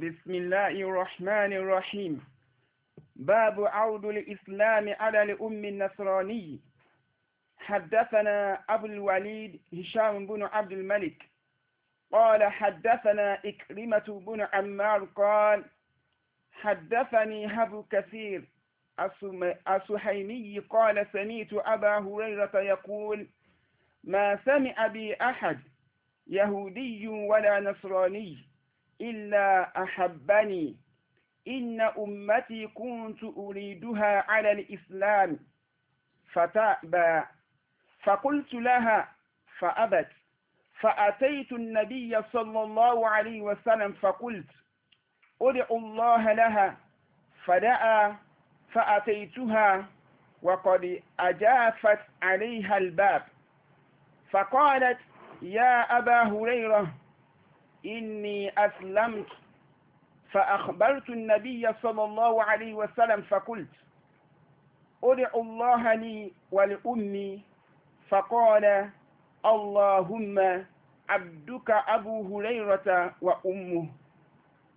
بسم الله الرحمن الرحيم باب عود الإسلام على الأم النصراني حدثنا أبو الوليد هشام بن عبد الملك قال حدثنا إكرمة بن عمار قال حدثني هب كثير السحيمي قال سميت أبا هريرة يقول ما سمع بي أحد يهودي ولا نصراني إلا أحبني إن أمتي كنت أريدها على الإسلام فتأبى فقلت لها فأبت فأتيت النبي صلى الله عليه وسلم فقلت أدع الله لها فدعا فأتيتها وقد أجافت عليها الباب فقالت يا أبا هريرة إني أسلمت فأخبرت النبي صلى الله عليه وسلم فقلت أدع الله لي ولأمي فقال اللهم عبدك أبو هريرة وأمه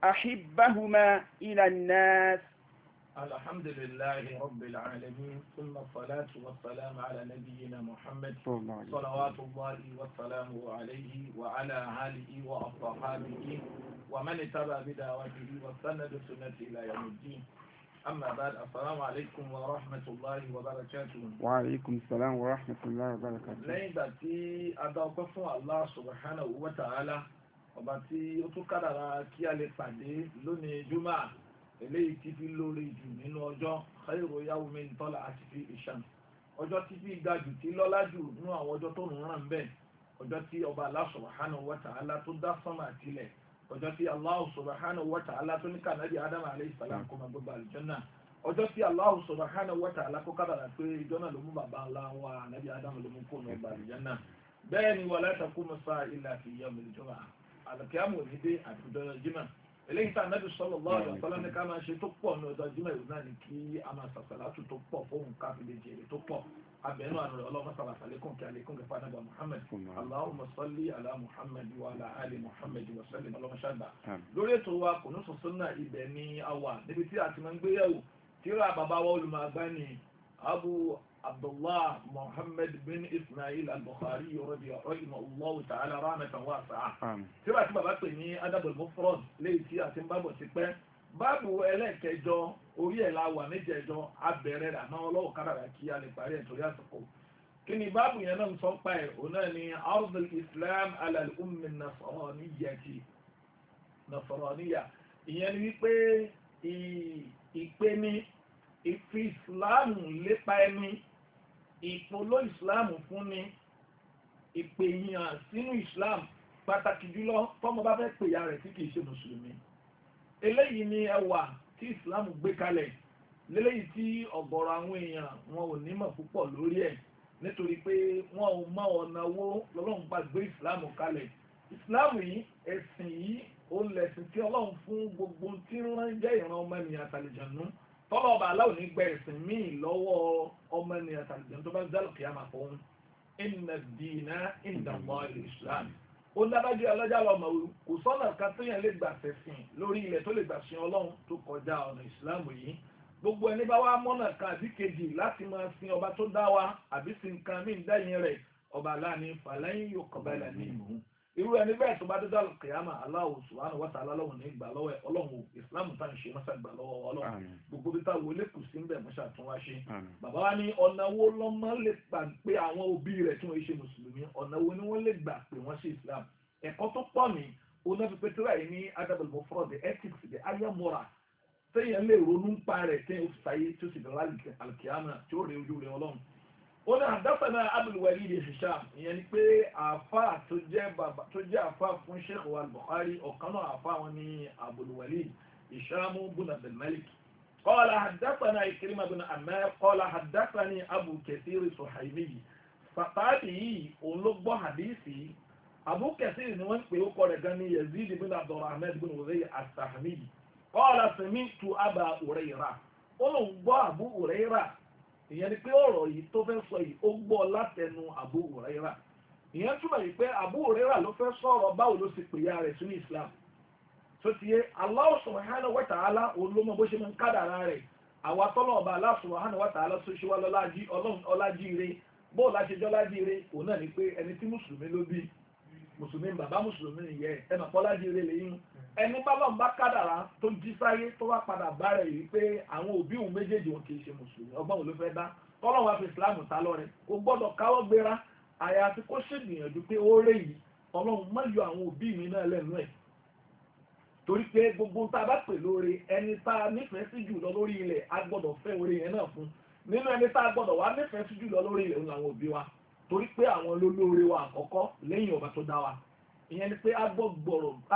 أحبهما إلى الناس الحمد لله رب العالمين ثم الصلاة والسلام على نبينا محمد صلوات الله وسلامه عليه وعلى آله وأصحابه ومن اتبع بدعوته واستنى بسنته إلى يوم الدين أما بعد السلام عليكم ورحمة الله وبركاته وعليكم السلام ورحمة الله وبركاته لين باتي أدعوكم الله سبحانه وتعالى وباتي أتكرر كي لفادي لوني جمعة eléyìí tí fi lórí jù nínú ọjọ́ khairu yawmin tala'at fi ishams ọjọ́ tí fi ga jù tí lọ́lá jù nínú àwọn ọjọ́ tó ń ràn bẹ́ẹ̀ ọjọ́ tí ọba Allah subhanahu wa ta'ala tó dá sánmà tilẹ̀ ọjọ́ tí Allah subhanahu wa ta'ala tó ní kànáàdì Adam alayhi salam kó máa gbogbo àlùjọ́nà ọjọ́ tí Allah subhanahu wa ta'ala kó kádàrà pé ìjọ́nà ló mú bàbá ńlá wa ànábì Adam ló mú kó nù ọgbà àlùjọ́nà bẹ́ẹ̀ ni wala taqumu sa'a illa fi yawmil jumu'ah àlùkìyàmù òní dé àtúndọ́jọ́ jimá eléyìí tá a nẹ́bí sọ́lọ̀ lọ́wọ́ ìyàtọ́lá ní ká máa ṣe tó pọ̀ ní ọjọ́ jùmọ̀ ìlú náà ni kí a máa sàṣàlátù tó pọ̀ fóun káfílẹ̀ jèrè tó pọ̀ abẹ́nú àná rẹ̀ ọlọ́mọ sàlàsà lẹ́kùn kí alẹ́kùn kẹfà nàbà Muhammad Allahumma salli ala Muhammad wa ala ali Muhammad wa sallim ọlọ́mọ ṣàgbà lórí ètò wa kò ní sọ̀sọ́ náà ibẹ̀ ni a wà níbi tí a ti máa ń gbéyàwó tíra bàbá wa olùmọ̀ àgbá ni Abu abdullah muhammed bin ismail al-bukhari rọbi ọ̀rọ̀yìnà allahu ta'ala rahmatan wasi'a tíra tí bàbá pè ní adabul mufrad léyìí tí a ti ń bábọ̀ ti pẹ́ báàbù ẹlẹ́ẹ̀kẹjọ orí ẹ̀ la wà níjẹ̀jọ abẹ̀rẹ̀ rẹ̀ àmọ́ ọlọ́wọ́ kárara kí a lè parí ẹ̀ torí àsìkò kí ni báàbù yẹn náà ń sọ pa ẹ̀ òun náà ni ardul islam al-ummi nasraniyati ìyẹn ni wípé ìpéni ìfi islam lépa ẹni ìpoló ìsìláàmù fún ni ìpèyàn sínú ìsìláàmù pàtàkì jùlọ tọ́mọ bá fẹ́ pèyà rẹ̀ tí kìí ṣe mùsùlùmí eléyìí ni ẹwà tí ìsìláàmù gbé kalẹ̀ lélẹ́yìí tí ọ̀gọ̀rọ̀ àwọn èèyàn wọn ò nímọ̀ púpọ̀ lórí ẹ̀ nítorí pé wọn ò mọ ọ̀nà wo lọ́lọ́run bá gbé ìsìláàmù kalẹ̀ ìsìláàmù yìí ẹ̀sìn yìí ó lẹ̀sìn tí ọlọ́run fún gbogbo tí ń jẹ́ ìran ọmọ ènìyàn àtàlẹ̀jọ̀nú tọ́lọ̀ ọba aláwọ̀ ní gbẹ ẹ̀sìn míì lọ́wọ́ ọmọ ènìyàn tàbí tó bá ń dálò kí á máa fọ́n ìnà dìínà ìdàgbọ́ Islam ó dábàjẹ́ ọlọ́jà lọ́mọ kò sọ́nà kan téèyàn lè gbà fẹ̀sìn lórí ilẹ̀ tó lè gbà sin Ọlọ́run tó kọjá ọ̀nà Islam yìí gbogbo ẹni bá wá mọ́nà kan àbí kejì láti máa sin ọba tó dá wa àbí sin nǹkan míì dẹ́yìn rẹ̀ ọba aláàánú irú ẹni bẹ́ẹ̀ tó bá dé dàlù kìyàmà aláwọ̀ sùwánù wọ́tà aláwọ̀ ní ìgbà lọ́wọ́ ẹ̀ ọlọ́run islam tá n ṣe mọ́sá gbà lọ́wọ́ ọlọ́run gbogbo bí táwọn olókù sí ń bẹ̀ mọ́sá tún wá ṣe bàbá wa ní ọ̀nà wo lọ́mọ lè gbà pé àwọn òbí rẹ̀ tí wọ́n ṣe mùsùlùmí ọ̀nà ni wọ́n lè gbà pé wọ́n ṣe islam ẹ̀kọ́ tó pọ̀ ní onáfipẹ́tẹ́rà yìí ní adabul mufrad the ethics the higher moral téèyàn lè ronú ń pa rẹ̀ téèyàn ó fi sáyé tí ó ní àdáfẹ́lẹ́ abdulwali de hisham ìyẹn ni pé àáfà tó jẹ́ àáfà fún sheikh wa bukhari ọ̀kan náà àáfà wọn ní abdulwali hisham bun abdulmalik qala haddathana ikrima bin amir qala haddathani abu kathir suhaimi fàtàbí yìí òun ló gbọ́ hadisi abu kathir ni wọ́n ń pè ó kọ́ rẹ̀ gan ni yazid bin abdulrahman bin uzay asahmi qala sami'tu aba urayra ó lóun gbọ́ abu urayra ìyẹn ni pé ọ̀rọ̀ yìí tó fẹ́ sọ yìí ó gbọ́ látẹnu Abu Huraira ìyẹn túmọ̀ yìí pé Abu Huraira ló fẹ́ sọ̀rọ̀ báwo ló ṣe pèyà rẹ̀ sínú Islam tó ti yé Allah subhanahu wa ta'ala olómọ bó ṣe máa ń kádàrá rẹ̀ àwa tọ́lọ̀ ọba Allah subhanahu wa ta'ala tó ṣe wá lọ́lájíire bó lájíire òun náà ni pé ẹni tí mùsùlùmí ló bí mùsùlùmí bàbá mùsùlùmí ẹni bálọ̀n bá kádàrá tó jí sáyé tó wá padà bá rẹ̀ yìí pé àwọn òbí òun méjèèjì wọn kì í ṣe mùsùlùmí ọgbọ́n òun ló fẹ́ dá kọ́lọ́n wá fi islam ta lọ́rẹ̀ kò gbọ́dọ̀ káwọ́ gbéra àyàfi kó ṣègbìyànjú pé ó rè yìí ọlọ́run má yọ àwọn òbí mi náà lẹ́nu ẹ̀ torí pé gbogbo tá a bá pè lóore ẹni tá a nífẹ̀ẹ́ sí jù lọ lórí ilẹ̀ a gbọ́dọ̀ fẹ́ oore yẹn náà fún nínú ẹni tá a gbọ́dọ̀ wá nífẹ̀ẹ́ sí jù lọ lórí ilẹ̀ òun làwọn òbí wa torí pé àwọn lólóore wa àkọ́kọ́ lẹ́yìn ọba tó dá wa ìyẹn ni pé a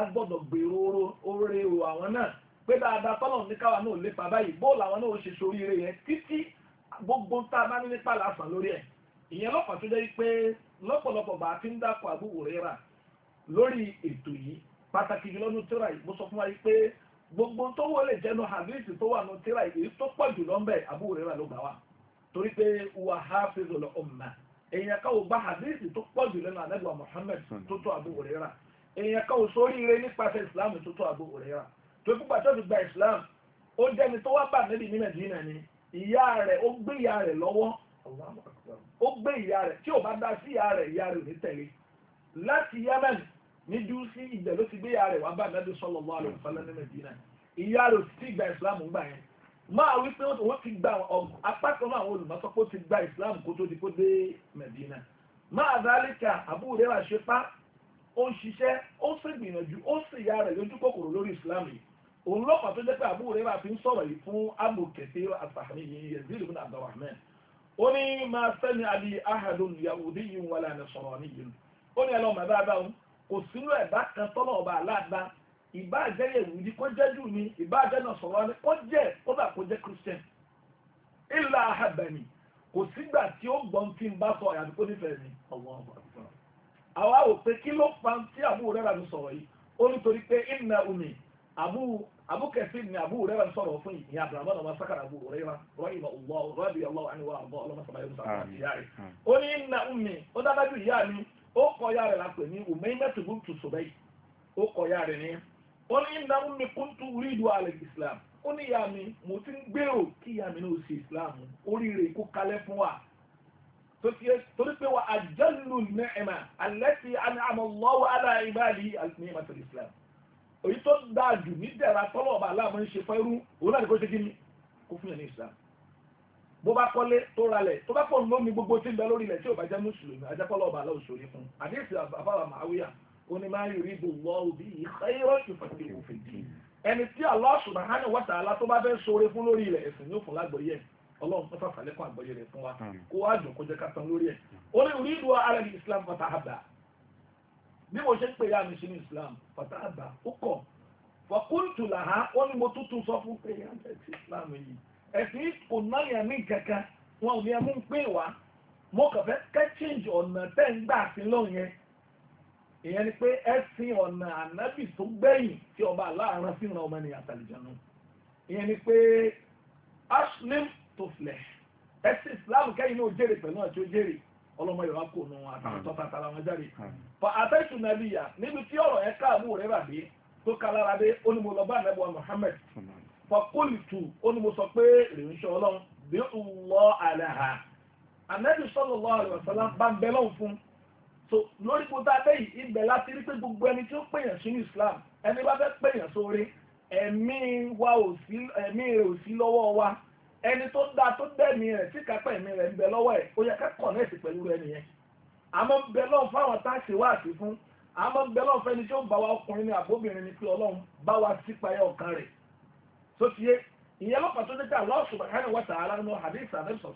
gbọ́dọ̀ gbèrò oore o àwọn náà pé dáadáa tọ́lọ̀ ní káwa náà lépa báyìí bóòlù àwọn náà ó ṣe soríire yẹn títí gbogbo tá a bá ní nípa lásán lórí ẹ̀ ìyẹn lọ́pàá tó jẹ́ pé lọ́pọ̀lọpọ̀ bá a ti ń dákọ̀ àbúrò rẹ̀ lórí ètò yìí pàtàkì jùlọ ní tíra yìí mo sọ fún wa pé èèyàn káwò gba hadithi tó pọ̀ jù lẹ́nu Muhammad tó tó Abu Hurairah èèyàn káwò ire nípasẹ̀ Islam tó tó Abu Hurairah tó púpà tó gba Islam ó jẹ́ni tó wá bá níbi ní Nàìjíríà ni ìyá rẹ̀ ó gbé ìyá rẹ̀ lọ́wọ́ ó gbé ìyá rẹ̀ tí ò bá dá sí ìyá rẹ̀ ìyá rẹ̀ ò ní tẹ̀lé láti Yemen ní ìgbẹ́ ló ti gbé ìyá Islam gbà yẹn máa wí pé ó ti gba apá kan náà àwọn olùmọ́sọ́ pé ó ti gba Islam kó tó di kó dé Medina máa dálíkà àbúrò rẹ̀ wà ṣe pa ó ń ṣiṣẹ́ ó sì gbìyànjú ó sì ya rẹ̀ lójú kòkòrò lórí Islam yìí òun lọ́pàá tó jẹ́ pé àbúrò rẹ̀ wà fi ń sọ̀rọ̀ yìí fún Abu Kathir àtàkùn yìí Yazid ibn Abdurrahman ó ní máa sẹ́ni àbí ahadun yahudi yìí wala nasrani yìí ó ní ẹ lọ́ọ́ mọ̀ ìbá àjẹyẹ ìwù ni kó jẹ́ jù ni ìbá àjẹnà sọ̀rọ̀ ni kó jẹ́ kódà kó jẹ́ christian ìlà àhàbẹ̀mí kò sígbà tí ó gbọ́n tí ń bá sọ àyàfi kó nífẹ̀ẹ́ mi àwa ò pé kí ló pa tí àbúrò rẹ̀ rẹ̀ sọ̀rọ̀ yìí ó nítorí pé ìnà omi àbúkẹ̀sí ni àbúrò rẹ̀ sọ̀rọ̀ fún ọmọ àbúrò rẹ̀ ọ̀wọ́ rọ́bì ọlọ́wọ́ àníwá ó ní ìnáwó mi kún tún rí ìlú alẹ́ islam ó ní ìyá mi mo ti ń gbèrò kí ìyá mi náà ṣe islam oríire kó kalẹ̀ fún wa torí pé wa àjọlù nìyẹn alẹ́tì àmọ́lọ́wọ́ aláìbáàlì nìyẹn àti islam èyí tó dáa jù ní dẹ̀ra tọ́lọ̀ ọba aláàmọ́ ń ṣe fẹ́rú òun náà ni ṣe kí ni kó fún yẹn ní islam bó bá kọ́lé tó ralẹ̀ tó bá pọ̀ lómi gbogbo tí ń bẹ lórí ilẹ̀ tí ò bá jẹ́ mùsùlùmí ajẹ́kọ́lọ́ ọba aláwọ̀ sórí fún àdéhùn àbáwá màáwíyà Oni máa yòrí bò lọ òbí ìkẹyẹrọ ìfẹsẹ òfin dì ẹni tí Allah subhanahu wa ta'ala tó bá fẹ́ ṣoore fún lórí ilẹ̀ ẹ̀sìn yóò fún lágbọ̀ọ́yẹ ọlọ́run fún sàfàlẹ́kùn àgbọ̀ọ́yẹ rẹ̀ fún wa hmm. kó wá dùn kó jẹ́ ká tán lórí ẹ̀ ó ní orí ara ní Islam fata àbá bí mo ṣe ń pè ya mi ṣe ní Islam fata àbá ó kọ̀ fọkúntù làhá ó ní mo tuntun sọ fún pé ya ẹ̀sìn Islam yìí ẹ̀sìn kò náyà ní kankan wọn ò ní ẹmú ń pè wá mo kàn fẹ́ kẹ́ change ọ̀nà tẹ́ ń gbà sí lóun ìyẹn ni pé ẹ̀sìn ọ̀nà ànábì tó gbẹ̀yìn tí ọba aláàrán sí ìran ọmọ ènìyàn àtàlìjànú ìyẹn ni pé aslim tó filẹ̀ ẹ̀sìn islam kẹ́yìn náà jèrè pẹ̀lú àti ó jèrè ọlọ́mọ yorùbá kò nù àtàtàtàlà wọn jáde fa àtẹ́sù nàbíyà níbi tí ọ̀rọ̀ ẹ̀ káàbù rẹ̀ bà dé tó kalára dé ó ní mo lọ bá ànábì wa Muhammad fa qultu ó pé rèéṣọ́ ọlọ́run bí ń lọ àlàhà ànábì sallallahu alaihi wasallam bá ń bẹ lọ́hùn fún so lórí kó tá a fẹ́ yìí ibẹ̀ láti rí pé gbogbo ẹni tí ó pèèyàn sínú Islam ẹni bá fẹ́ pèèyàn sóore ẹ̀mí wa ò sí ẹ̀mí rẹ̀ ò sí lọ́wọ́ wa ẹni tó dáa tó dẹ̀mí rẹ̀ tí kápẹ́ ẹ̀mí rẹ̀ ń bẹ lọ́wọ́ ẹ̀ ó yẹ ká kọ̀nẹ́ẹ̀tì pẹ̀lú rẹ̀ nìyẹn àmọ́ bẹ lọ́n fáwọn tá a ṣe wá àti fún àmọ́ bẹ lọ́n fẹ́ni tí ó bá wa ọkùnrin ní àbóbìnrin ni pé Ọlọ́run bá wa sípayá ọkàn rẹ̀ tó ti yé ìyẹn lọ́pàá tó dẹ́ta Allah subhanahu wa ta'ala nínú hadith àdébísọ̀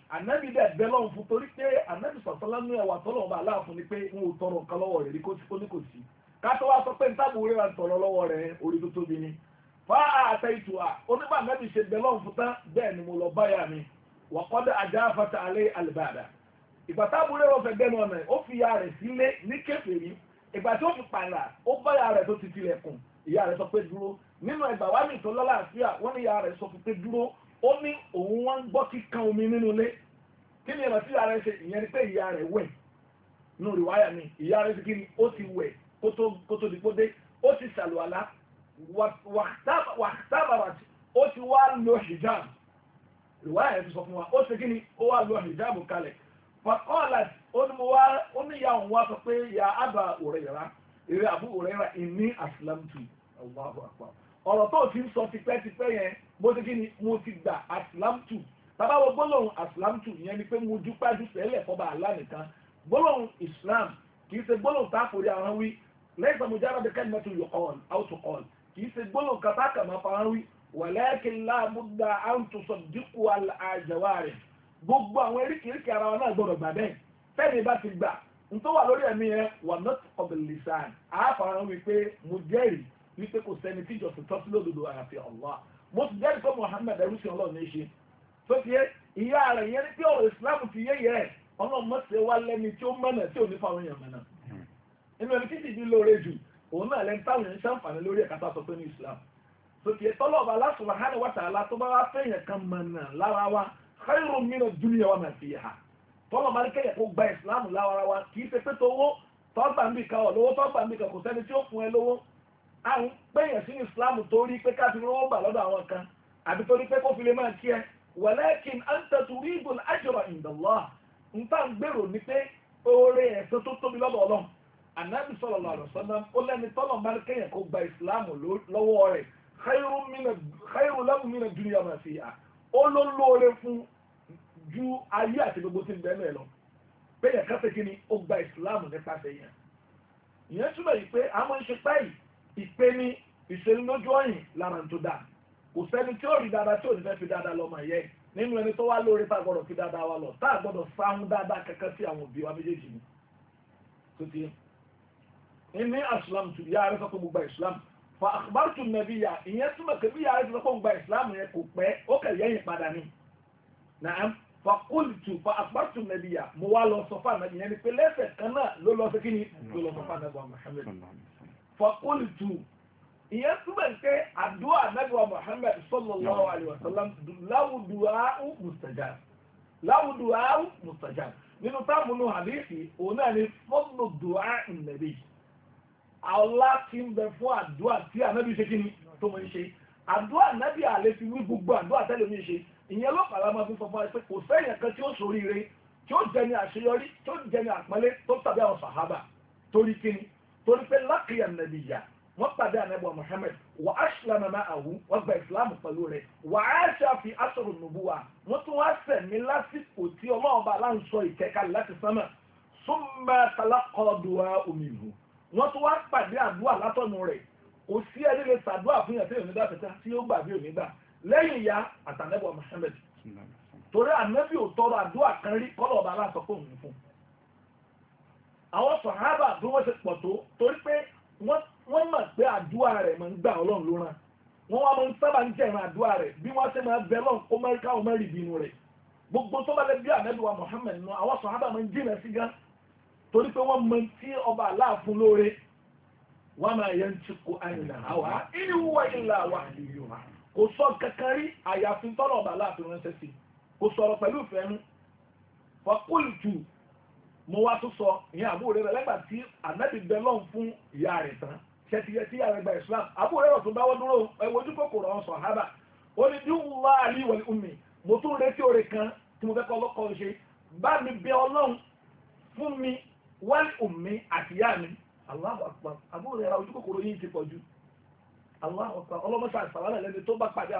ànábì dẹ̀ bẹ́ lọ́hùn fún torí pé ànábì sọ̀tọ́lá ní ẹ̀wà tọ́lọ̀ ọba aláàfin ni pé wọn ò tọrọ nǹkan lọ́wọ́ rẹ̀ rí kó ní kò sí kátó wá sọ pé n tábù rírà ń tọrọ lọ́wọ́ rẹ̀ orí tó tóbi ni fa àtẹ ìtù à onígbà ànábì ṣe bẹ́ lọ́hùn fún tán bẹ́ẹ̀ ni mo lọ báyà mi wà kọ́dọ̀ àjà afata alẹ́ àlùbàdà ìgbà tábù rírà fẹ́ bẹ́ẹ̀ náà ó fi ya rẹ̀ sílé ní kèfèrí ìgbà tí ó fi pààlà ó báyà rẹ̀ tó ti tilẹ̀kùn ìyá rẹ̀ sọ pé dúró nínú ẹgbàá wàmí tó àfíà wọ́n ní ìyá rẹ̀ sọ pé dúró ó ní òun wá ń gbọ́ kíkan omi nínú ilé kí ni ìrántí ara ẹ ṣe ìyẹn ni pé ìyá rẹ̀ wẹ̀ nù rí wáyà ni ìyá rẹ̀ ṣe kí ni ó ti wẹ̀ kó tó di pó dé ó ti ṣàlùwàlá wàtábàrà ó ti wá lo hijab ìwáyà ẹ̀ ti sọ fún wa ó ṣe kí ni ó wá lo hijab kalẹ̀ fàkọ́ọ̀lá ó ní ìyá òun wá sọ pé ìyá àbà òrẹ́yìnrá ìrẹ́ àbú òrẹ́yìnrá ìní àsìlámù ọ̀rọ̀ tó ti ń sọ tipẹ́tipẹ́ yẹn mo ti kí ni mo ti gbà asilamtu bàbá wo gbólóhùn asilamtu ìyẹn ni pé mo dúpájú sẹ́lẹ̀ fọba àlá nìkan gbólóhùn islam kì í ṣe gbólóhùn tá a forí àwọn wí lẹ́yìn tó mo jára bí kẹ́ni mẹ́tò yọ kọ́ọ̀n áwùtò kọ́ọ̀n kì í ṣe gbólóhùn kàtà kàmá fara wí wàlẹ́kìn láàmúdà àǹtòsọ dínkù àjẹwà rẹ̀ gbogbo àwọn eríkìíríkì ara wa náà gbọdọ̀ gbà bẹ́ẹ̀ fẹ́ẹ̀ni bá ti gbà ntọ́ wà lórí ẹ̀mí yẹn wà not of the lisan àáfàá wípé mo jẹ́rìí wípé kò sẹ́ni tíjọ́sìn tọ́sí lódodo àyàfi Allah mo sì jẹ́rìí pé Muhammad ẹrú sí ọlọ́run ní ṣe tó fi yé ìyá rẹ̀ yẹn ní pé ọ̀rọ̀ Islam fi yé yẹ ọlọ́run mọ̀ sí wa lẹ́ni tí ó mọ̀nà tí ò ní fáwọn èèyàn mọ̀nà hmm. inú ẹni títí di lóore jù òun náà lẹ́ni táwọn èèyàn ṣàǹfààní lórí ẹ̀ka tó pé ní Islam tó fi yé tọ́lọ́ọ̀bà Allah subhanahu wa ta'ala tó bá wá fẹ́yàn kan mọ̀nà lára wa khairun min ad-dunya wa ma fiha tọ́lọ̀ máa ń kẹ́yẹ̀ kó gba ìsìláàmù láwara wa kì í ṣe pé tówó tọ́gbà ń bì kan ọ̀ lówó tọ́gbà ń bì kan kò sẹ́ni tí ó fún ẹ lówó à ń pèyàn sí ìsìláàmù torí pé ká fi rówó gbà lọ́dọ̀ àwọn kan àbí torí pé kó fi lè máa kí ẹ walakin anta turidul ajra indallah ń tà ń gbèrò ní pé oore ẹ̀sán tó tóbi lọ́dọ̀ ọlọ́run anabi sallallahu alaihi wasallam ó lẹ́ni tọ́lọ̀ bá kéèyàn kó gba ìsìláàmù lọ́wọ́ rẹ̀ khairu lahu mina dunya ma fiha ó ló lóore fún ju ìpè ní ìṣèlú lójú ọ̀yìn lára tó dáa kò sẹ́ni tí ó rí dáadáa tí ò ní fẹ́ fi dáadáa lọ́mọ yẹ nínú ẹni tó wá lóore tá a gbọ́dọ̀ fi dáadáa wa lọ tá a gbọ́dọ̀ sáhún dáadáa kankan sí àwọn òbí wa méjèèjì ni tó ti ní asulam tu ìyá rẹ sọ pé islam fa akhbartu nàbí ya ìyẹn túmọ̀ pé bí ìyá rẹ sọ pé mo gba islam yẹn kò pẹ́ ó kẹ̀ yẹ́yìn padà ni naam fa qultu fa akhbartu nàbí ya mo wá lọ sọ fún àná ìyẹn ni pé lẹ́sẹ̀ kan náà ló lọ sí kí ni ló lọ sọ fún àná fọkúlùtù ìyẹn túbọ̀ pé àdúrà anábìwá Muhammad sallallahu alayhi wa sallam láwùdùá mustajab mustajab nínú táàmù nù hadithi òun náà ni fọ́nù dùá ìnàbí àwọlá ti ń bẹ fún àdúrà tí anábì ṣe kí ni tó mọ̀ ń ṣe àdúrà anábì àlè fi wí gbogbo àdúrà tẹ́lẹ̀ mi ṣe ìyẹn ló pàrọ̀ máa fi fọfọ́ pé kò sẹ́yìn kan tí ó ṣoríire tí ó jẹ ní àṣeyọrí tí ó jẹ ní àpọ́nlé tó tàbí àwọn sàhábà torí kí ni torí pé lákìyà nàbìyà wọ́n pàdé ànábọ̀ Muhammad wà á ṣìlámà máa àwù wọ́n gba ìsìlámù pẹ̀lú rẹ̀ wà á ṣàfi aṣọ̀rọ̀ nùbúwa wọ́n tún wá sẹ̀mí lásìkò tí ọlọ́ọ̀bá aláǹsọ ìtẹ́kalẹ̀ láti sánmà súnmọ́ kálákọ́ọ̀dùwà omi ìhù wọ́n tún wá pàdé àdúrà látọ̀nù rẹ̀ kò sí ẹni lè sàdúrà fún yàtọ̀ ìrìnàdà tẹ̀tẹ̀ tí ó gbà bí òmìnira lẹ́yìn ìyá àtànẹ́bọ̀ Muhammad torí ànábì ò àdúrà kan rí kọ́lọ̀ ọba aláṣọ fún òun fún àwọn sọ̀hábà bí wọ́n ṣe pọ̀ tó torí pé wọ́n mọ̀ pé àdúrà rẹ̀ máa ń gbà ọlọ́run ló ràn wọ́n wá máa ń sábà ń àdúrà rẹ̀ bí wọ́n ṣe máa bẹ lọ́n kó mẹ́ríkà rẹ̀ gbogbo tó bá lè bí àmẹ́lùwà Muhammad náà àwọn sọ̀hábà máa ń jìnà sí gan torí pé wọ́n mọ tí ọba lóore wọ́n máa yẹn ti kó àyìnlá àwa wa mo wá tún sọ ìyẹn àbúrò rẹ lẹ́gbà tí ànábì bẹ lọ́n fún ìyá rẹ̀ tán ṣẹ́tiyẹ tí ààrẹ gba Islam àbúrò rẹ̀ tún dáwọ́ dúró ẹ̀wọ̀jú kòkòrò àwọn sọ̀hábà ó ní bí wọ́n wá àlè ìwọ̀lẹ̀ omi mo tún retí oore kan tí mo fẹ́ kọ́ lọ́kọ́ ṣe bá mi bẹ ọlọ́run fún mi wálé omi àti ìyá mi Allahu Akbar àbúrò rẹ̀ ojú kòkòrò yìí ti pọ̀ jù Allahu Akbar ọlọ́mọṣà àṣàwálẹ̀ lẹ́ni tó bá pàdé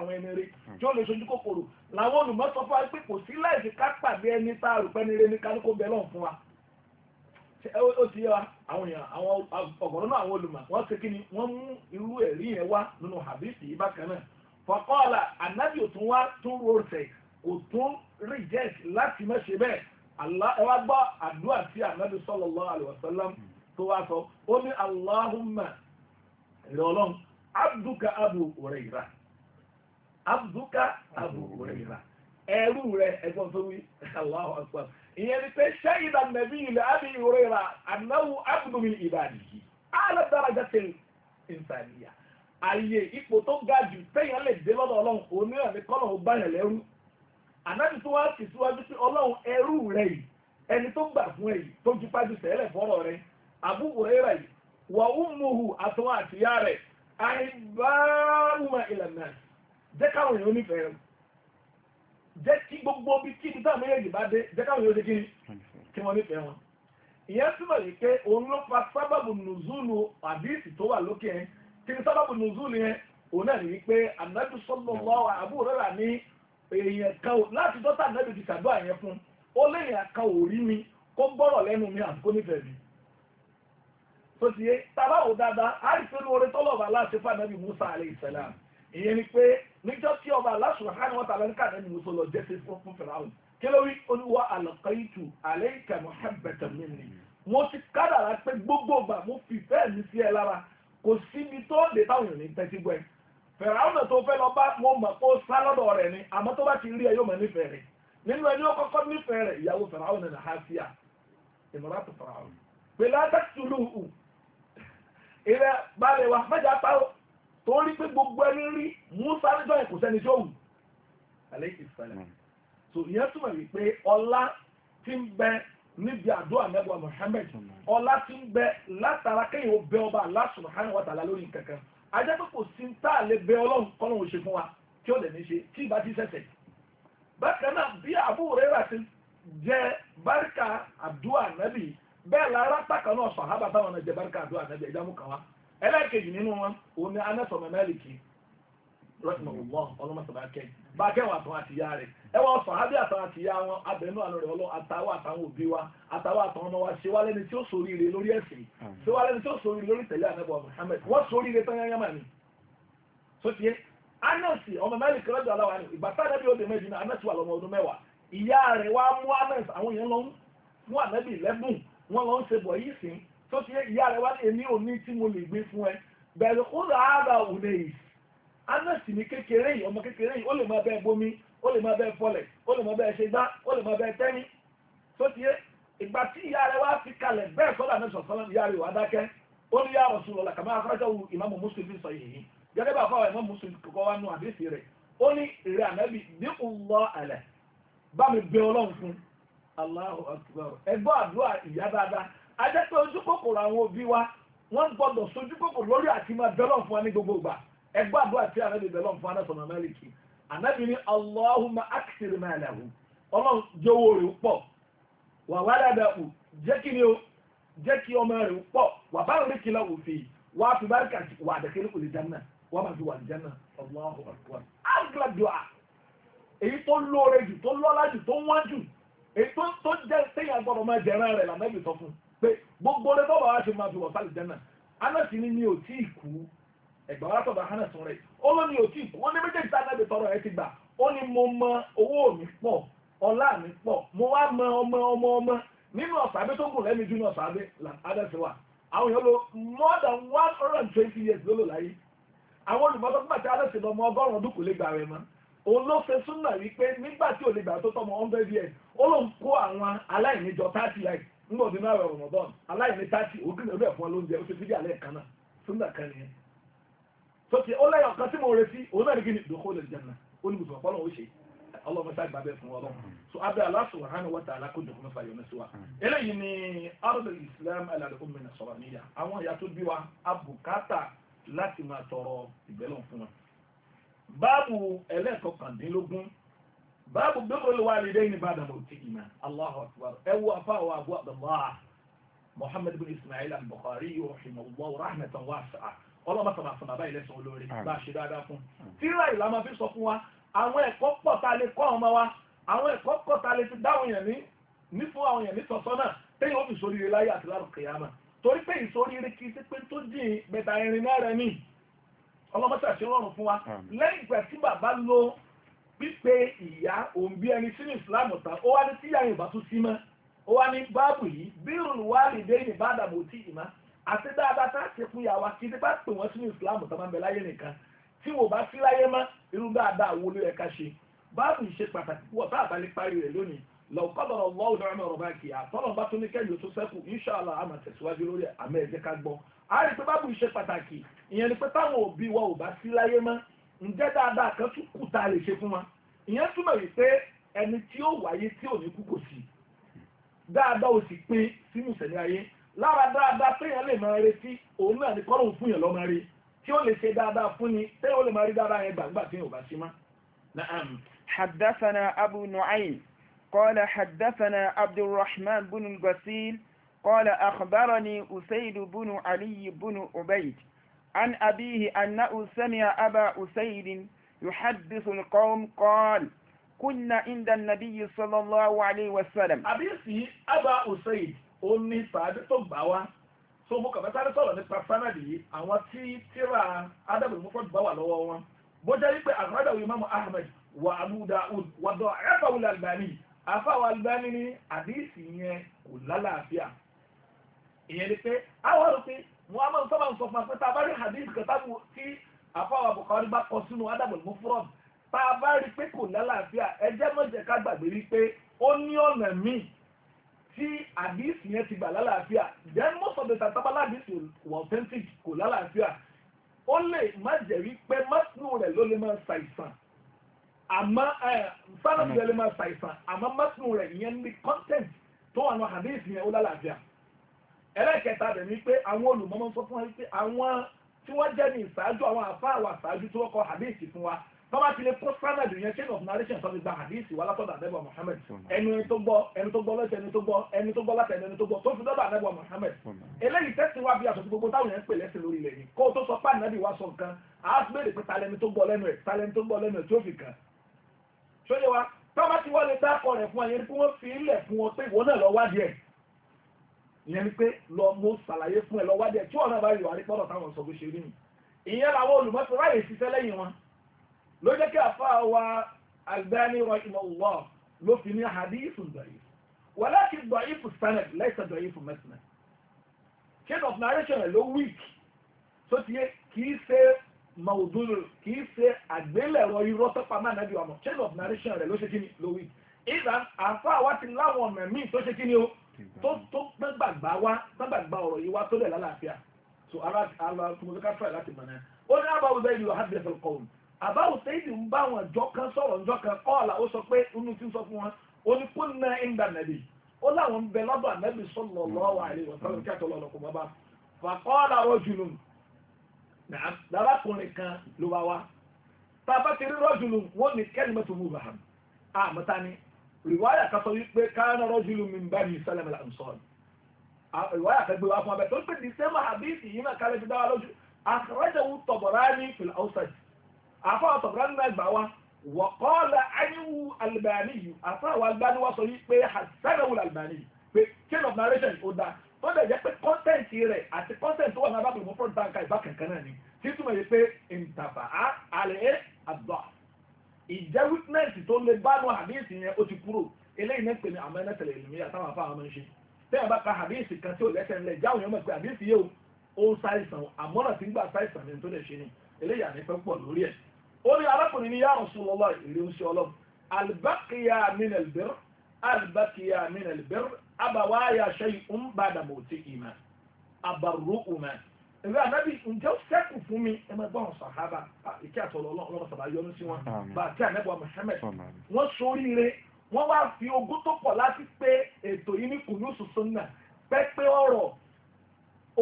ó ti yẹ wa àwọn èèyàn àwọn ọ̀gọ̀rọ̀ náà àwọn olùmọ̀ wọ́n ṣe kíni wọ́n mú irú ẹ̀rí yẹn wá nínú hadisi yìí bákan náà fọkọ́ọ̀là ànábì ò tún wá tún rọrùsẹ̀ kò tún reject láti má ṣe bẹ́ẹ̀ ẹ wá gbọ́ àdúrà tí ànábì sallallahu alaihi tó wá sọ ó ní Allahumma rẹ̀ ọlọ́run abduka abu Hurairah abduka abu ẹrú rẹ̀ ẹ̀gbọ́n tó wí aláwọ akpa ìyẹn ni pé ṣáyidà nàbí ilẹ àbí ìwúrẹ́ra anáwó abdùmí ìbàdí yìí aládàrájà ìsàlìyà aye ipò tó ga jù téèyàn lè dé lọ́dọ̀ ọlọ́run òní àmì kọ́nà ó bá yàn lẹ́rú ànábì tó wá sì síwájú sí ọlọ́run ẹrú rẹ̀ yìí ẹni tó gbà fún ẹ yìí tó ju pájú sẹ́lẹ̀ fọ́rọ̀ jẹ́ kí gbogbo bí kí títà méjèèjì bá dé jẹ́ káwọn yóò ṣe kí kí wọ́n nífẹ̀ẹ́ wọn ìyẹn túmọ̀ yìí pé òun ló fa sábàbù nùzúlù àdìsí tó wà lókè yẹn kí ni sábàbù nùzúlù yẹn òun náà nìyí pé ànábì sallallahu Abu Huraira ní èèyàn kan láti dọ́tà ànábì ti sàdúrà yẹn fún ó léèyàn kan ò rí mi kó gbọ́rọ̀ lẹ́nu mi àti kó nífẹ̀ẹ́ mi tó ti yé tábà wò dáadáa á rí pé lóore tọ́lọ̀ bá láti fún Musa alayhi ìyẹn ni pé níjọ́ tí ọba aláṣùwọ̀n ká ní wọ́n tàbí ká lẹ́nu ìwòsàn lọ jẹ́ fún fìràwùn kí ló rí olúwa àlọ́kọ́ìtù àlẹ́ìkà mọ̀hẹ́bẹ̀tẹ̀ mi ni mo ti kádàrá pé gbogbo ìgbà mo fi fẹ́ẹ̀ mi sí ẹ lára kò síbi tó lè táwọn èèyàn ní tẹ́tí gbọ́ ẹ fìràwùn tó fẹ́ lọ bá mo mọ̀ pé ó sá lọ́dọ̀ rẹ̀ ni àmọ́ tó bá ti rí ẹ yóò mọ̀ nífẹ̀ẹ́ rẹ̀ nínú ẹni ó kọ́kọ́ nífẹ̀ẹ́ rẹ̀ ìyàwó fìràwùn nà hásíà ìmọ̀ràn fìràwùn pẹ̀lú adákùtù lóhùn ìrẹ balẹ̀ wà mẹ́jà pa ó torí pé gbogbo ẹni rí musa níjọ́ ẹ̀kọ́ sẹ́ni tó wù hmm. so ìyẹn túmọ̀ wípé ọlá ti ń bẹ níbi àdúrà nẹ́bùà Muhammad hmm. ọlá ti ń bẹ látara kéèyàn bẹ ọba Allah subhanahu wa ta'ala lórí kankan ajá si kò sí lè bẹ ọlọ́run fún wa tí ó lè ti Abu ti jẹ báríkà bẹ́ẹ̀ táwọn náà jẹ báríkà ẹlẹ́ẹ̀kejì nínú wọn òun ni anẹ́sọ̀mọ̀ mẹ́lìkì rọ́tìmọ̀wọ́ ọlọ́mọsọ̀bá kẹ́ bá kẹwàá àtàwọn àtìyá rẹ̀ ẹ wọ́n sọ ábí àtàwọn àtìyá wọn abẹ́nú àlọ́ rẹ̀ ọlọ́ àtàwọn àtàwọn òbí wa àtàwọn àtàwọn ọmọ wa ṣe wá lẹ́ni tí ó ṣoríire lórí ẹ̀sìn ṣe wá lẹ́ni tí ó ṣoríire lórí tẹ̀lé ànábọ̀ Muhammad wọ́n ṣoríire tán yányá màmí. sọ́tí ẹ anẹ́sì ọmọ mẹ́lìkì rọ́jò aláwa ni ìgbà tá ànábì òde méjì náà anẹ́sì wà lọ́mọ ọdún mẹ́wàá ìyá rẹ̀ wá mú anẹ́sì àwọn èèyàn lọ fún ànábì lẹ́bùn wọ́n lọ ń ṣe bọ̀ yìí sìn tó ṣe ìyá rẹ̀ wá ní èmi ò ní tí mo lè gbé fún ẹ bẹ̀rù ó rà á ra òun èyí anẹ́sì ní kékeré yìí ọmọ kékeré yìí ó lè máa bẹ́ẹ̀ bomi ó lè máa bẹ́ẹ̀ fọlẹ̀ ó lè máa bẹ́ẹ̀ ṣe gbá ó lè máa bẹ́ẹ̀ tẹ́ni tó ṣe ìgbà tí ìyá rẹ̀ wá fi kalẹ̀ bẹ́ẹ̀ sọ́dọ̀ anẹ́sì ọ̀sán ìyá rẹ̀ wá dákẹ́ ó ní yá ọ̀sùn lọ́la kàmá afárẹ́jọ́ wu ìmáàmù mùsùlùmí sọ yìí gẹ́gẹ́ bá fáwọn ìmáàmù mùsùlùmí kọ́kọ́ wá nù àdéhìí rẹ̀ ó ní ìrẹ́ ànábì ní ọlọ́ àlẹ́ bá mi bẹ ọlọ́run fún Allahu Akbar ẹgbọ́ àdúrà ìyá dáadáa ajẹ́ pé ojú kòkòrò àwọn òbí wa wọ́n gbọ́dọ̀ sojú kòkòrò lórí àti máa bẹ́lọ̀ fún wa ní gbogbo ìgbà ẹgbẹ́ àdúrà tí ànábì bẹ́lọ̀ fún anáṣọ màmá lè kí ànábì ní Allahumma akthir malahu ọlọ́run jówó rẹ̀ pọ̀ wà wàládà kù jẹ́ kí ni o jẹ́ kí ọmọ rẹ̀ pọ̀ wà bá rẹ̀ kìlọ̀ òfin wà á fi báríkà wà àdàkẹ́lẹ́ kò lè wà á máa fi lè jáná Allahu akbar èyí tó lóore jù tó lọ́lá jẹ́ sẹ́yìn agbọ́dọ̀ pé gbogbo lẹ́tọ́ bàbá ṣe máa fi wọ̀ sálì jẹ́nà anasi ni mi ò tí ì kú ẹ̀gbà wa tọ̀dọ̀ hannes rẹ̀ ó ló ní ò tí ì kú ó ní méjèèjì tá a náà lè tọrọ ẹ ti gbà ó ní mo mọ owó mi pọ̀ ọlá mi pọ̀ mo wá mọ ọmọ ọmọ ọmọ nínú ọ̀sàbẹ́ tó gùn lẹ́mi júnú ọ̀sàbẹ́ adẹ́sẹ̀ wa àwọn èèyàn lo more than one hundred and twenty years ló lò láyé àwọn olùmọ̀tọ́ fún àti adẹ́sẹ̀ lọ́mọ ọgọ́rùn-ún ọdún kò lè gbà rẹ̀ mọ́ òun ló fẹ́ súnà wípé nígbà tí ò lè gbà tó tọmọ hundred years ó lòun kó àwọn aláìníjọ thirty years ńgbọ̀ bí náà rọrùn ọ̀bọ̀n aláìní táàtì ogún ẹ̀rọ ẹ̀fọn lóúnjẹ ó ṣe fídíà lẹ́ẹ̀kan náà súnà kan nìyẹn tó ti ó lẹ́yìn ọ̀kan tí mo retí òun náà ní kí ni dòkó lè jẹun náà ó ní bùsùn ọ̀pọ̀lọ̀ ó ṣe ọlọ́run sáà gbàgbé fún ọlọ́run so abẹ́ aláṣọ wàhánà wọ́tà alákòjọ fún ọ̀fà yọmẹsí wa eléyìí ni arúgbó islam alàdókò mi náà sọ̀rọ̀ níyà àwọn ìyá tó bí wa abùkátà láti máa tọrọ ìbẹ́lọ̀ fún wa báàbù ẹlẹ́ẹ̀kọkàndínlógún báàbù bẹ́rẹ̀ wà bada ní Allahu akbar ẹ afa wa abu abdullah muhammad ismail al-bukhari rahimahullah rahmatan wasi'a ọlọ́mọ sọ̀rọ̀ Sama báyìí lẹ́sàn olori ba a dada fun fún tíra ìlà ma fi sọ fún wa àwọn ẹ̀kọ́ pọ̀ wa ni, pípé ìyá òǹbí ẹni sínú ìsìláàmù tán ó wá ní tí yàrá ìbá tún sí mọ́ ó wá ní báàbù yìí bírùn wá rìndé ní bàdàbò tí ì má àti dáadáa tá a ṣe fún yàwá kí nípa pè wọ́n sínú ìsìláàmù tán máa ń bẹ láyé nìkan tí wò bá sí láyé mọ́ irú dáadáa wo ló yẹ ká ṣe báàbù yìí ṣe pàtàkì púpọ̀ tá a bá lè parí rẹ̀ lónìí lọ́wọ́ kọ́dọ̀rọ̀ ọ̀rọ̀ kìí àtọ́nà ǹjẹ́ dáadáa kan tún kù tá a lè ṣe fún wa ìyẹn túmọ̀ wípé ẹni tí ó wáyé tí ò ní kú kò sí dáadáa ò sì pín sínú ìṣẹ̀lẹ̀ ayé lára dáadáa téèyàn lè máa retí òun náà ní kọ́lọ́hún fún yàn lọ́mọ rí tí ó lè ṣe dáadáa fún ni téèyàn ó lè máa rí dáadáa yẹn gbàgbà tí yàn ò bá ṣe mọ́. حدثنا أبو نعيم قال حدثنا عبد الرحمن بن الغسيل قال أخبرني أسيد بن علي بن عبيد عن أبيه أنه سمع أبا أسيد يحدث القوم قال كنا عند النبي صلى الله عليه وسلم أبيسي أبا أسيد أمي صادق بوا so mo kàn fẹ́ sáré sọ̀rọ̀ nípa sanadi yìí àwọn tí tíra adamu mufrad bá wà lọ́wọ́ wọn bó jẹ́ wípé àkàràdà wí mamu ahmed wa abu daud wa dọ̀ albani afa albani ní àdìsí yẹn kò lálàáfíà ìyẹn ni pé àwọn rò pé muhammad sábà ń sọ fún apẹ́ta abárí hadith kẹta tí àfọwọ́ àbùkárí bá kọ sínú adabul mufrad tá a bá rí pé kò lálàáfíà ẹ jẹ́ má jẹ́ ká gbàgbé rí pé ó ní ọ̀nà míì tí hadith yẹn ti gbà lálàáfíà then most of the time tábàlá hadith wọ authentic kò lálàáfíà ó lè má jẹ́ rí pé mọ́tò rẹ̀ ló lè máa ṣàìsàn àmọ́ sábà rẹ̀ lè máa ṣàìsàn àmọ́ mọ́tò rẹ̀ ìyẹn ní content tó wà ní hadith yẹn ó lálàáfíà ẹlẹ́kẹta rẹ̀ ni pé àwọn olùmọ́mọ́ sọ fún wa pé àwọn tí wọ́n jẹ́ ní ìṣáájú àwọn àfáàwọ̀ àṣáájú tí wọ́n kọ hadith fún wa bọ́bá ti lè post standard yẹn chain of narration tó fi gba hadith wà látọ̀dọ̀ àdẹ́bọ̀ Muhammad ẹni tó gbọ́ ẹni tó gbọ́ lọ́sẹ̀ ẹni tó gbọ́ ẹni tó gbọ́ látẹ̀ ẹni tó gbọ́ tó fi dọ́dọ̀ àdẹ́bọ̀ Muhammad eléyìí tẹ́sí wá bí aṣọ tí gbogbo táwọn yẹn ń pè lẹ́sìn lórí ilẹ̀ yìí kó tó sọ pé ànábì wá sọ nǹkan á béèrè pé talẹ́ni tó gbọ́ lẹ́nu ẹ̀ talẹ́ni tó gbọ́ lẹ́nu ẹ̀ tí fi kàn ṣóyẹ wa tọ́ba ti wọlé dákọ̀ rẹ̀ fún ẹyẹ kí wọ́n fi ilẹ̀ fún wọn pé ìwọ náà lọ wádìí ẹ̀ ìyẹn ni pé lọ mo ṣàlàyé fún ẹ lọ wá díẹ̀ tí wọn náà bá yọ àrí pọ́nà táwọn sọ bó ṣe rí mi ìyẹn làwọn olùmọ́sọ ráyè ṣiṣẹ́ lẹ́yìn wọn ló jẹ́ kí àfa wa Albani rahimahullah ló fi ní hadithun da'if walakin da'ifu sanad laysa da'ifu musnad chain of narration ẹ̀ ló weak tó ti yẹ kì í ṣe mọ̀ọ́dúnrún kì í ṣe àgbélẹ̀rọ irọ́ tọ́pá máa chain of narration rẹ̀ ló ṣe kí ni ló weak ìdá àfa wa ti láwọn ọ̀nà míì tó ṣe kí ni o tó gbàgbà wá gbàgbà ọ̀rọ̀ yìí wá tó lẹ̀ lálàáfíà so ara ara tòmọ́tòká fẹ́ láti mọ̀ náà ó ní àbáwò bẹ́ẹ̀ ni ọ̀hán bẹ̀rẹ̀ kọ́ òun àbáwò sẹ́yìn ń bá wọn jọ kan sọ̀rọ̀ kan ó sọ pé inú ti ń sọ fún wọn ó ní kó na ìgbà nàbì ó láwọn bẹ lọ́dọ̀ ànábì wọ́n rìwáyà kan sọ wípé káánà rọ́júlù mi bá mi sálẹ̀ mẹ́lá ǹsọ́ọ̀n rìwáyà kan gbé wá fún abẹ́ tó ń pè dísẹ́mà àbíìsì yìí náà kálẹ̀ fi dá wa lójú àkàrẹ́jẹ̀wò tọ̀bọ̀rání fìlà ọ̀sẹ̀jì àfọwọ́ tọ̀bọ̀rání náà gbà wá wọ̀kọ́ọ̀lá ayéwu alìbàní yìí àfọwọ́ agbani wá sọ wípé hasanawu alìbàní yìí pé chain of narration ó dáa tó dẹ̀ jẹ́ pé ìjẹ́ witness tó lè bá nu hadith yẹn ó ti kúrò eléyìí náà pè ní àwọn ẹlẹ́tẹ̀lẹ̀ ìlú yà táwọn afáwọn máa ń ṣe bẹ́ẹ̀ bá ka hadith kan tí ò lẹ́sẹ̀ ńlẹ̀ jáwọ́ yẹn mọ̀ pé hadith yẹn ó ń ṣàìsàn àmọ́nà tí ń gbà ṣàìsàn ní tó lè ṣe ni eléyìí àní fẹ́ pọ̀ lórí ẹ̀ ó ní arákùnrin ní ya Rasulullah ìlú oṣù ọlọ́ albaqiya min ìwé ànábì ǹjẹ́ ó sẹ́kù fún mi ẹ máa gbọ́n sàhábà ìkẹ́ àtọ̀lọ́ ọlọ́run sàbà yọnu sí wọn bá àti ànẹ́bọ̀ Muhammad wọ́n ṣoríire wọ́n wá fi ogún tó pọ̀ láti pé ètò yìí ní kùnúùsù sunna pẹ́pẹ́ ọ̀rọ̀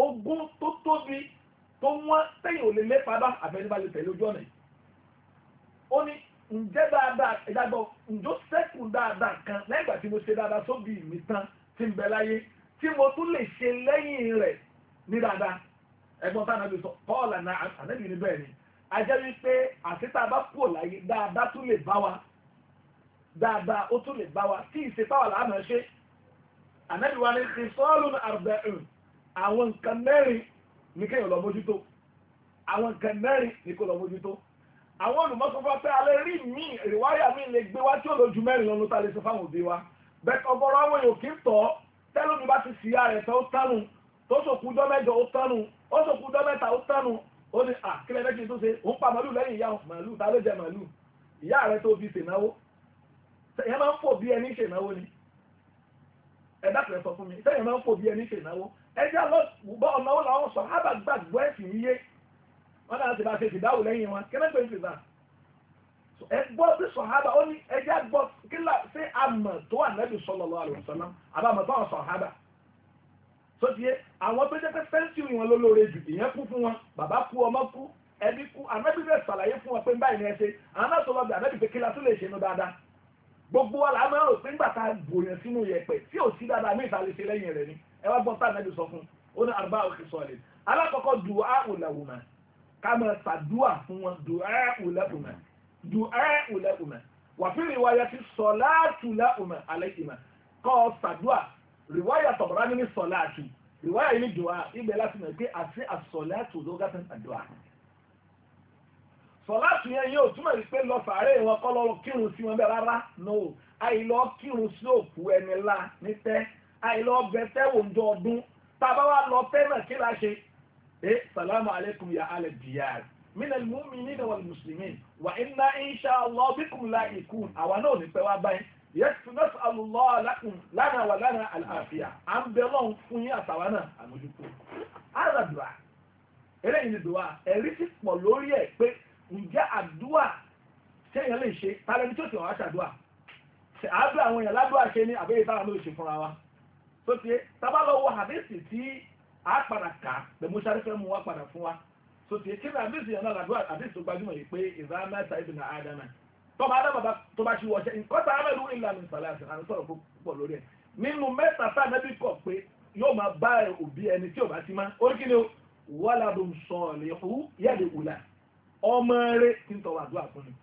ogún tó tóbi tó wọ́n tẹ̀yìn ò lè lé padà àbẹ́ni bá lè tẹ̀lé ojú ọ̀nà yìí ní ǹjẹ́ dáadáa ìdágbọ́ ǹjọ́ sẹ́kù dáadáa kan lẹ́gbàá tí mo ṣe dáadáa sóbì mi tán tí ń bẹ láyé tí mo tún lè ṣe lẹ́yìn rẹ̀ ní dáadáa ẹgbọ́n tá ànábì sọ kọ́ọ̀là náà ànábì ní bẹ́ẹ̀ ni a jẹ́ wípé àtẹ́tà bá pò láyé dáadáa tún lè bá wa dáadáa ó tún lè bá wa tí ìsepáwà làánà ṣe ànábì wa ní ti sọ́ọ̀lù àrùbẹ̀rùn àwọn nǹkan mẹ́rin ní kéèyàn lọ mójútó àwọn nǹkan mẹ́rin ní kó lọ mójútó àwọn olùmọ́sọ́fọ́ pé alẹ́ rí mi ìrìwáyà mi lè gbé wá tí ó lójú mẹ́rin lọ́nu tá a lè sọ fáwọn òbí wa bẹ́ẹ̀ ọgọ́rọ̀ àwọn èèyàn kì í tọ́ tẹ́lómi bá ti fìyà rẹ̀ tán tánu tó sòkú ó tánu ó sòkú dọ́mẹ́ta ó tánu ó ní à kílẹ̀ fẹ́ kí n tó ṣe òun pa màálù lẹ́yìn ìyá màálù ta ló jẹ màálù ìyá rẹ tó fi ṣènáwó ìyẹn máa ń fò bí ẹni ṣènáwó ni ẹ̀dá kìlẹ̀ sọ fún mi ìtẹ́yìn máa ń fò bí ẹni ṣènáwó ẹjẹ́ lọ́gbọ́ ọ̀nàwó làwọn sọ ábà gbàgbọ́ ẹ̀sìn yíyé wọn náà ti bá ṣe ìdáwò lẹ́yìn wọn kẹ́mẹ́tò ìfìgbà ẹgbọ́ sí sọ̀hábà ó ní ẹjẹ́ gbọ́ kí ṣé àmọ̀ tó ànábì sallallahu alaihi wasallam àbámọ̀ tó àwọn sọ̀hábà tó ti yé àwọn tó jẹ́ pé sẹ́ńsìrì wọn ló lóore jù ìyẹn kú fún wọn bàbá kú ọmọ kú ẹbí kú anábì bẹ́ẹ̀ sàlàyé fún wọn pé báyìí ni ẹ ṣe àwọn náà tó lọ bí anábì pé kí la tó lè ṣe nu dáadáa gbogbo wa làá máa rò pé nígbà tá a bòyàn sínú yẹ̀pẹ̀ tí ò sí dáadáa mí ìta lè ṣe lẹ́yìn rẹ̀ ni ẹ wá gbọ́n tá anábì sọ fún ó ní àrùbá òkè sọ̀lẹ̀ alákọ̀ọ́kọ́ dùn á òlàwùmá ká máa ṣàdúà fún wọn dùn á òlàwùmá dùn á òlàwùmá wàfíìrì wáyà ti sọ̀ láàtúlà òmà àlẹ́ ìmà kọ́ ṣàdúà rìwáyà tọ̀bọ̀rá ní sọ̀lá àti rìwáyà yìí ní dùá ibẹ̀ láti mọ̀ pé àti àsọ̀lá tó lọ́gàtàn àdùá sọ̀láàtù yẹn yóò túmọ̀ sí pé lọ sàárè wọn kọ́ lọ kírun sí wọn bẹ́ẹ̀ rárá no àìlọ kírun sí òkú ẹni la ní tẹ́ àìlọ bẹ tẹ́wò ń jọ ọdún tábà wà lọ tẹ́ kí la ṣe ẹ eh, salamu alaykum ya alẹ diyar mina mu'minina wal muslimin wa inna insha allah bikum la ikun àwa náà ò ní pẹ́ wá báyìí yẹtu nasalu lọ́wọ́ lakum lana wa lana àlàáfíà à ń bẹ lọ́n fún yín àtàwọn náà àmójútó àràdùà eléyìí ni dùà ẹ̀rí ti pọ̀ lórí ẹ̀ pé ǹjẹ́ àdúà sẹ́yìn lè ṣe tálẹ́ni tó ti wọ́n aṣàdúà àádọ́ àwọn èèyàn ládùà ṣe ni àbẹ́yẹ táwọn ló ṣe fúnra wa tó ti tábà wọ àdéhìsì tí a padà kà pẹ̀lú sáré mu wa padà fún wa tó ti kí ni àdéhìsì yẹn náà ládùà tó gbajúmọ̀ yìí pé ìzámẹ́ta tọba adábàbà tó bá ṣe wọ̀ṣẹ́ nǹkan tá a mẹ́rin ní ìlànà ìsàlẹ̀ àṣà àrùn sọ̀rọ̀ púpọ̀ lórí ẹ̀ nínú mẹ́ta tá ànábì kọ̀ pé yóò máa bá òbí ẹni tí ò bá ti má orí kí ni o waladun salihu yẹ́dẹ̀ wùlà ọmọ rẹ̀ kí n tọwọ́ àdúrà fún mi.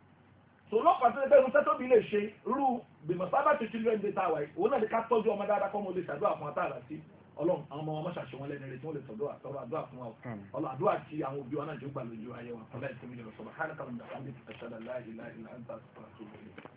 sọ lọ́pàá tó ẹgbẹ́ ìrúnṣẹ́ tóbi lè ṣe rú bímọ sábà tuntun lóyún dé táwa yìí òun náà lè ká tọ́jú ọmọ dáadáa kọ́ mo lè ṣàdúrà fún àtàrà sí ọlọ́run àwọn ọmọ wa má ṣàṣẹ wọn lẹ́nu rẹ̀ tí wọ́n lè tọ́jú àtọ́rọ̀ àdúrà fún wa ọlọ́ àdúrà tí àwọn òbí wa náà jó gbà lójú ayé wa ọlá ìsinmi yọrọ sọ̀rọ̀ hàn